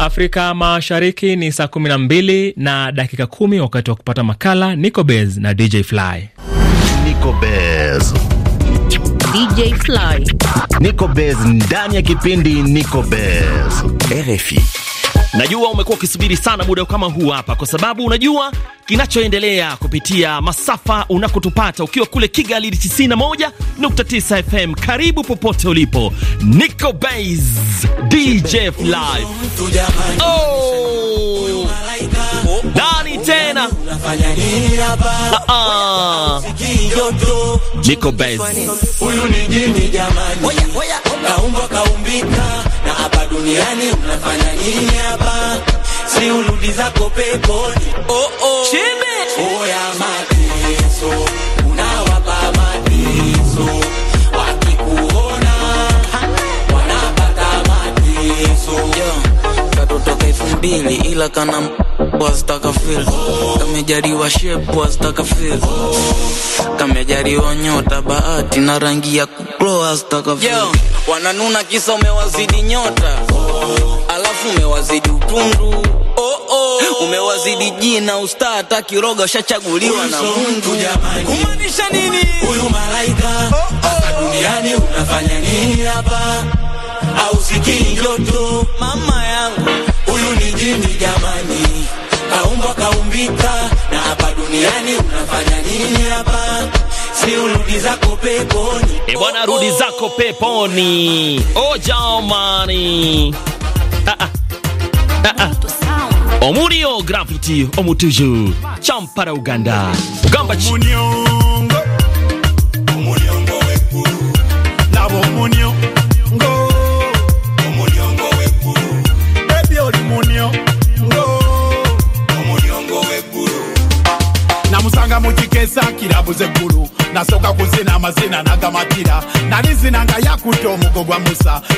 Afrika Mashariki ni saa 12 na dakika kumi, wakati wa kupata makala nicobez na DJ Fly. Nicobez. DJ Fly. Niko Bez ndani ya kipindi Niko Bez RFI. Najua umekuwa ukisubiri sana muda kama huu hapa, kwa sababu unajua kinachoendelea kupitia masafa unakotupata ukiwa kule Kigali 91.9 FM. Karibu popote ulipo, Niko Bez DJ Fly. Oh! ndani tena niko ah, ah. base huyu ni jini jamani, kaumbwa kaumbika na hapa duniani mnafanya nini hapa? Si urudi zako peponi. Oh, oh. Chimbe oya wakikuona wanapata mateso yeah kutoka elfu mbili ila kana wazitakafil kamejariwa shep wazitakafil kamejariwa nyota bahati na rangi ya kuklo kuplo wazitakafil wananuna kisa umewazidi nyota alafu umewazidi utundu oh, oh. umewazidi jina ustaa hata kiroga ushachaguliwa na mungu kumaanisha nini huyu malaika oh, oh. duniani unafanya nini hapa ausikii joto mama yangu huyu ni jini jamani, kaumbwa kaumbika na hapa duniani, unafanya nini hapa? Si urudi zako peponi, e bwana, rudi oh, oh. zako peponi. Oh jamani, ah ah ah ah Omurio Graffiti Omutuju Champara Uganda Ugamba chi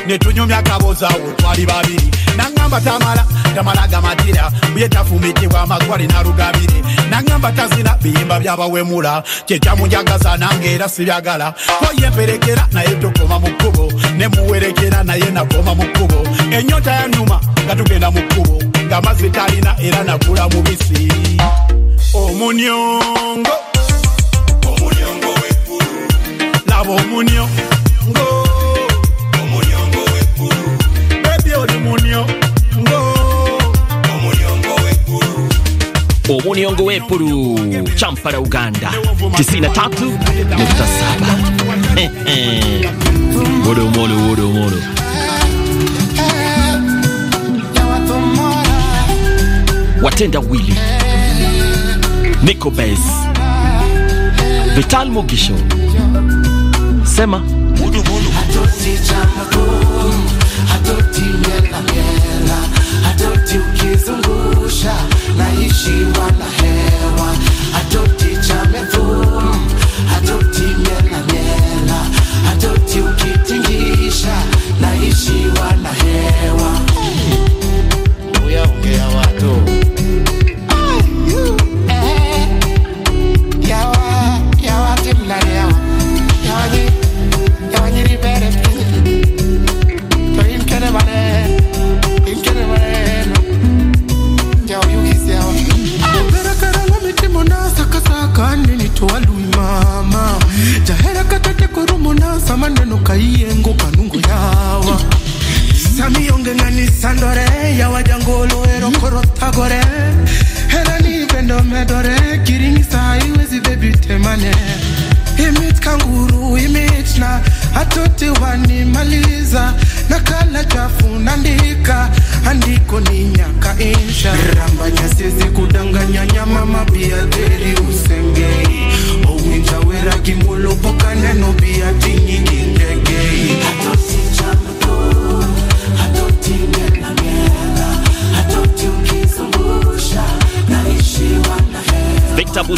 netunyumya kabozaawo twali babiri nagamba tamala tamala gamatira buye tafumitibwa amagwali narugabire nagamba tazina biyimba byabawemula kyekyamunjagaza nange era sibyagala twayemperekera naye tokoma mu kkubo nemuwerekera naye nakoma mu kkubo enyota yanyuma nga tugenda mu kkubo ngaamazzi talina era nagula mubisi omunyongo omunyongo wekulu laba omunyongo omuniongo ongo w'eppulu Uganda 93.7 wodomolo wodomolo Watenda wili Nico Bez Vital Mugisho Sema Hatoti Hatoti Hatoti ukizungusha she run like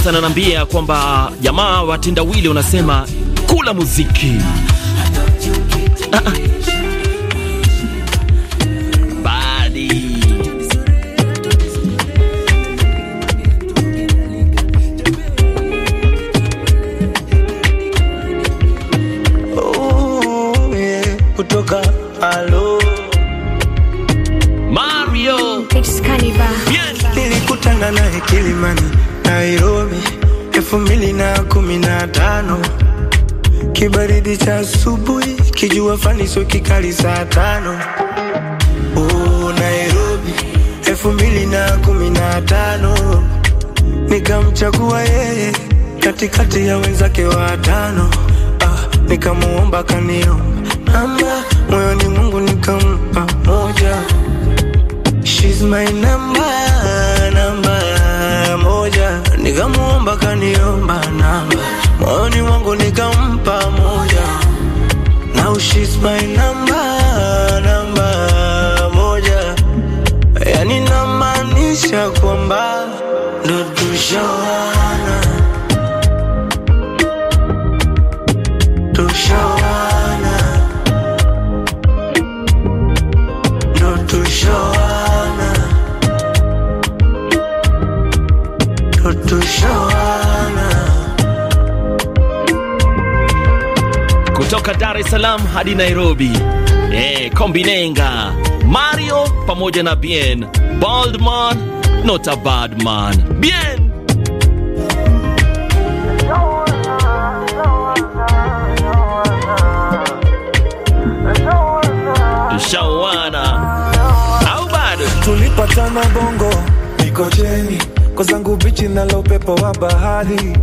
James ananiambia kwamba jamaa wa wili unasema kula muziki oh, Kutoka alo Mario It's Kaniba yes. Nilikutana naye Kilimani Nairobi elfu mbili na kumi na tano kibaridi cha asubuhi kijua faniso kikali saa tano oh, Nairobi elfu mbili na kumi na tano nikamchagua yeye katikati ya wenzake watano ah, nikamuomba kaniomba namba moyoni mungu nikampa moja She's my number nikamuomba, kaniomba namba moyoni mwangu nikampa moja. Now she's mine Salaam hadi Nairobi. Eh, Kombinenga, Mario pamoja na Bien. man, not a bad man. Bien. Shawana. Au bado tulipatana bongo Mikocheni, zangu bichi na lopepo wa bahari.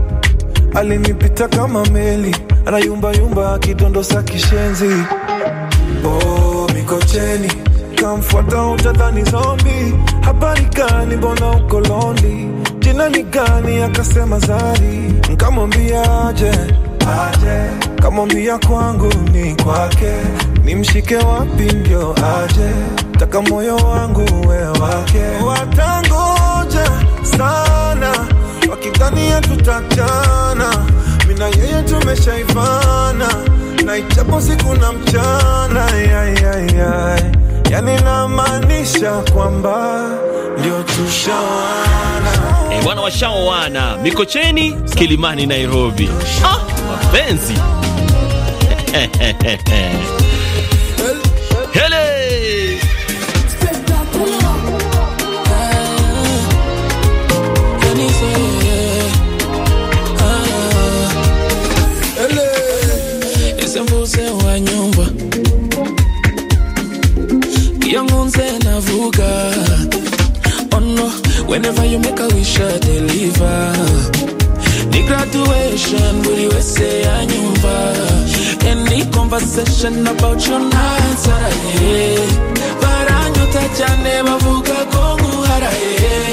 Alinipita kama meli anayumbayumba akidondosa kishenzi. Oh, Mikocheni kamfuata utadhani zombi. Habari gani, mbona uko lonely? Jina ni gani? Akasema Zari. Nkamwambia aje, aje. Kamwambia kwangu ni kwake, nimshike wapi ndio aje? Taka moyo wangu we wake, watangoja sana wakidhania tutachana mimi na yeye tumeshaivana na ichapo siku na mchana ay, Yani namaanisha kwamba ndio tushawana e, eh, bwana washaoana Mikocheni, Kilimani, Nairobi. Ah, mapenzi hele Whenever you make a wish, I deliver. The graduation, will you say I anyumva. Any conversation about your nights, araye. Baranyuta cyane bavuga ko nguharaye.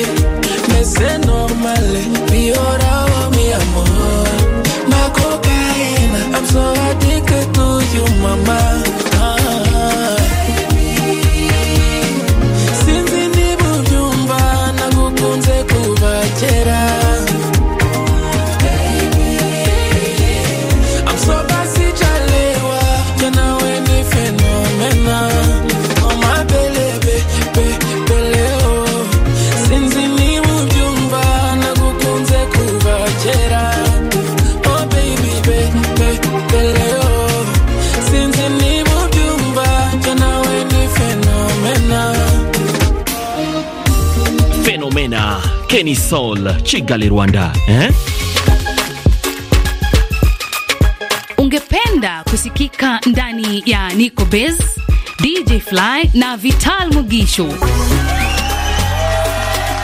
Meze normale, biyoraho mi amor. Philomena Kenny Soul Kigali Rwanda eh? Ungependa kusikika ndani ya Nico Bez, DJ Fly na Vital Mugisho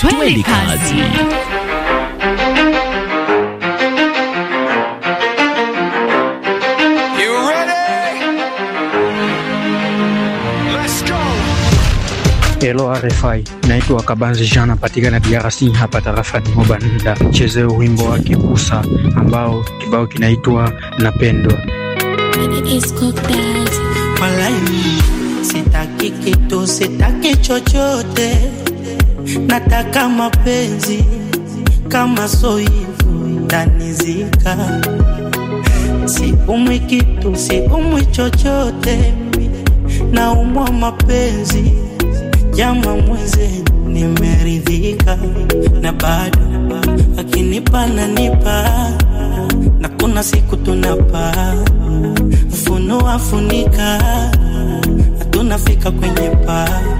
Twende kazi. Hello RFI, naitwa Kabanzi Jean, napatikana DRC hapa tarafa ni Mobanda. Chezeo wimbo wa Kibusa ambao kibao kinaitwa Napendwa. Sitaki kitu, sitaki chochote nataka mapenzi kama soivu tanizika, si umwi kitu, si umwi chochote, na umwa mapenzi jama mweze nimeridhika na bado akinipa nanipa, na kuna siku tunapa mfuno afunika, tunafika kwenye paa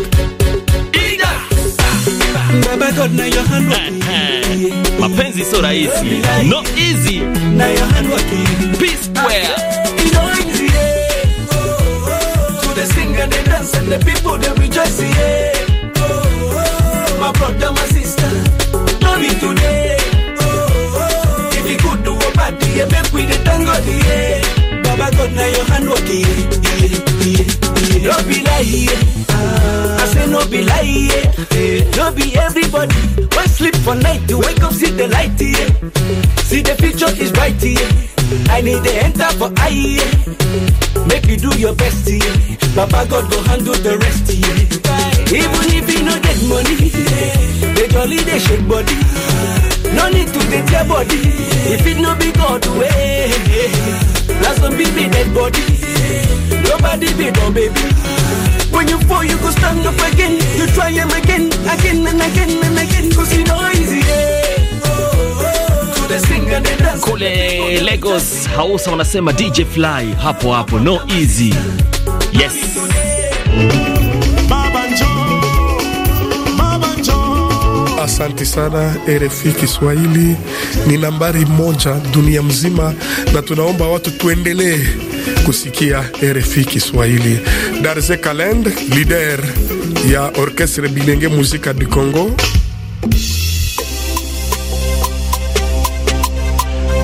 record na your hand work. Mapenzi so rahisi. No easy. Na your hand work. Peace square. To the singer, the dance and the people they rejoice. Yeah. Oh, oh, oh. My brother, my sister. Glory today. Oh, oh, oh. If you could do a party, yeah, make we the tango, yeah. Baba God, now your hand work. Yeah, yeah, yeah. No be lie, yeah. Ah. I say no be lie, yeah. Yeah. No be everybody. When sleep for night, you wake up, see the light Yeah. See the future is bright here. Yeah. I need the enter for I yeah. Make you do your best here. Eh. Papa God go handle the rest here. Eh. Even if you no get money, eh, they jolly they shake body. No need to get your body. If it no be God way, last one be dead body. Nobody be no baby. Kule Lagos Hausa wanasema DJ Fly hapo hapo no easy. Yes. Asante sana RFI Kiswahili ni nambari moja dunia mzima, na tunaomba watu tuendelee kusikia RFI Kiswahili. Darze Kalend, leader ya orkestre bilenge muzika du Congo.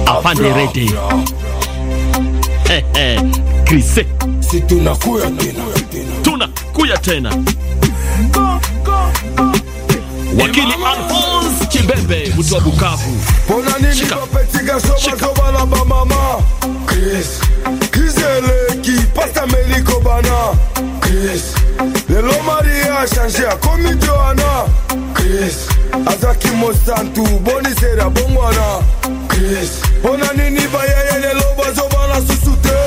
Apanderete eh, Krise eh, si tunakuya tena, tunakuya tena go, go, go. Wakili Alphonse Kibembe mtu Bukavu, pona nini bapetiga soba soba na bamama Krise Krise hasta México van Chris lelo Maria changé komi comme Johanna Chris Azaki mostantu Boni sera bongwana Chris bona nini bayeye lelo bazo bana susute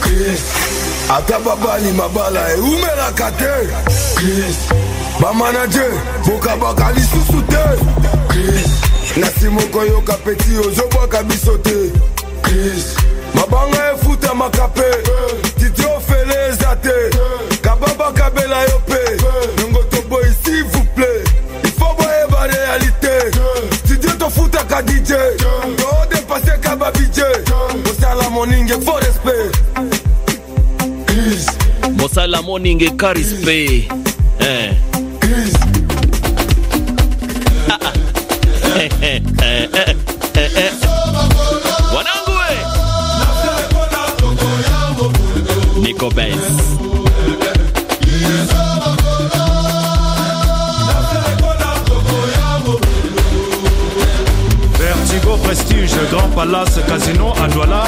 Chris Ata babali mabala e umela kate Chris Ba manager boka bakali susute Chris Nasimoko yo kapeti ozobwaka biso te Chris mabanga efuta makape titi ofele eza te kababa kabela yo mpe nongo toboyi s'il vous plaît ifo boyeba réalité studio tofutaka dj todepaseka babidje kosala moninge fo respect mosala morning ekarispe eh. ah, ah. Eh, eh, eh, Gomez. Vertigo Prestige, Grand Palace, Casino à Douala,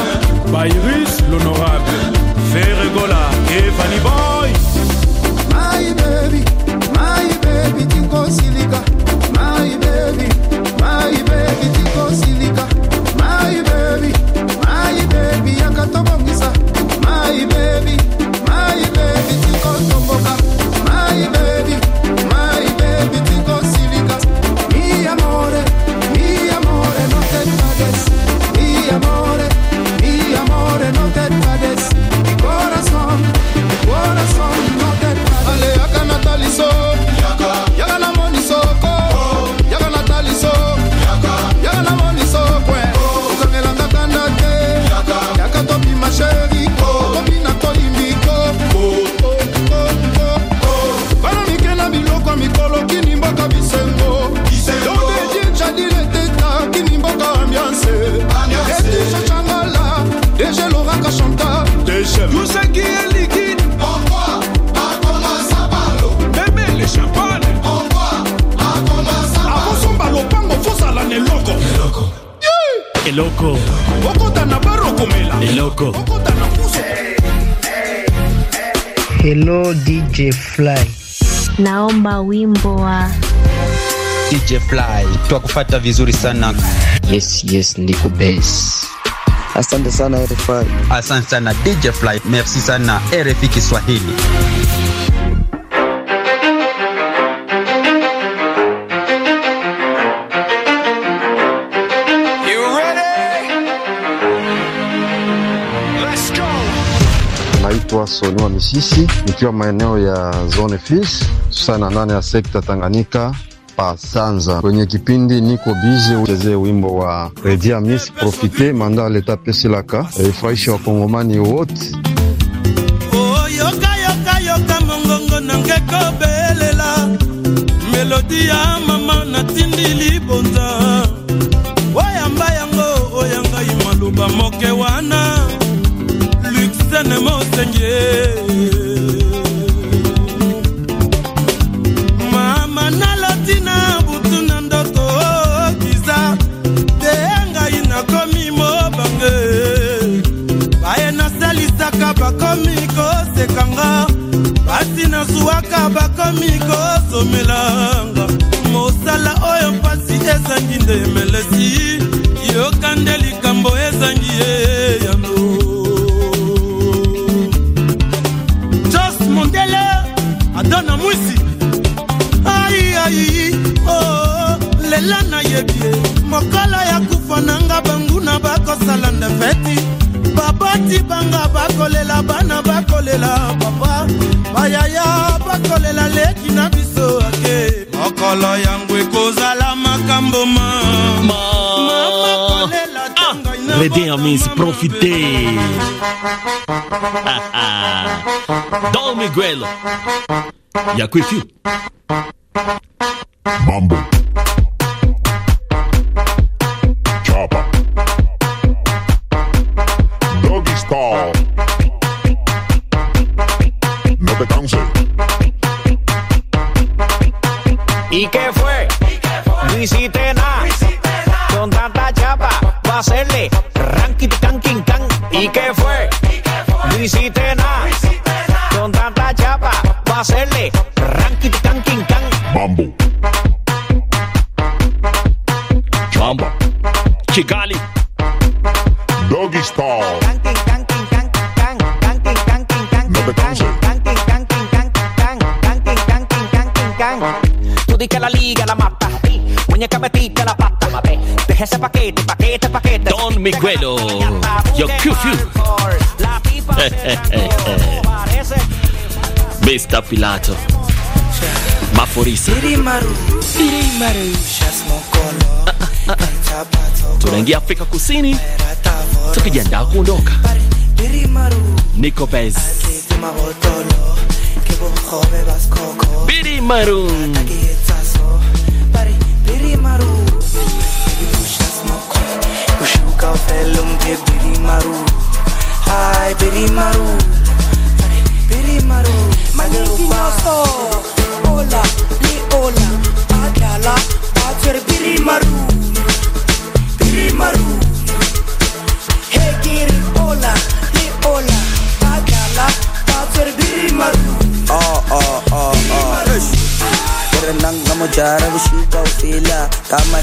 Bayrus, l'honorable, Ferregola et Fanny Boy. My baby, my baby, Tinko Silica. My baby, my baby, Tinko Silica. My baby, my baby, Yakatobongisa. my baby, my baby, tu comptes ton eloko okotana barokomela eloko okotana kusa Hello DJ Fly. Naomba wimbo wa DJ Fly. Twakufata vizuri sana. Yes, yes, niko bass. Asante sana RFI. Asante sana DJ Fly. Merci sana RFI Kiswahili. Sonua Misisi, nikiwa maeneo ya zone fis sana nane ya sekta Tanganyika pasanza kwenye kipindi niko bize uchezee wimbo wa Redia Miss profite manda leta pesi laka ifurahisha wakongomani wote. Oh, yoka yoka yoka mongongo nange kobelela melodi ya mama natindi libonza oyamba yango oyangai maluba moke wana ndenge mama naloti na butu na ndoto kiza te ngai nakomi mobange baye nasalisaka bakomi kosekanga basi nazwwaka bakomi kosomelanga dana mwisi aiai oh, oh. lela nayebi ye mokolo ya kufa nanga banguna bakosala nde feti baboti banga bakolela bana bakolela papa bayaya bakolela leki na biso ake mokolo yango ekozala makambo ma Redé amis, profitez! Ah, ah. Dom Miguel, Y'a y a Mambo. gang. Tú di que la liga la mata. Muñeca metiste la pata. Deje ese paquete, paquete, paquete. Don Miguelo. Yo cufiu. Eh, eh, eh, eh. Besta Pilato. Ma fuori Sirimaru, Sirimaru. Ah, ah, ah. Tunaingia Afrika Kusini. Tukijiandaa kuondoka. Nico Pez. Kibobho bebas coco Maroon. Biri Maru. Biri Maru. Hola, hola. Biri Maru. Biri Maru. Hey, hola, hola. Biri Maru. Oh, oh, ah, oh. Ah. Rananga Mujara Vishika Ufila Kama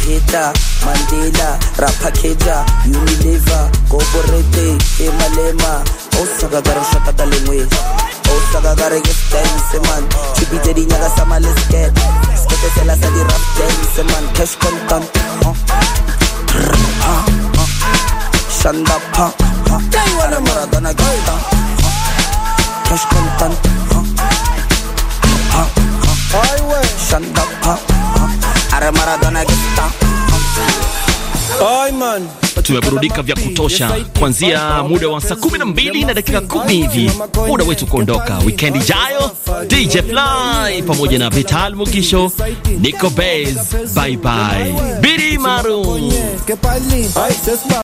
Unilever Emalema Osaka Osaka Dance Man Chibi Nyaga Sama Let's Get Skete Sela Rap Dance Man Cash Shanda Pa Maradona Gita Cash Maradona Tumeburudika vya kutosha kuanzia muda wa saa kumi na mbili na dakika kumi hivi, muda wetu kuondoka. Wikendi ijayo DJ Fly pamoja na Vital Mugisho, Nico Bez, bye bye, Biri Maru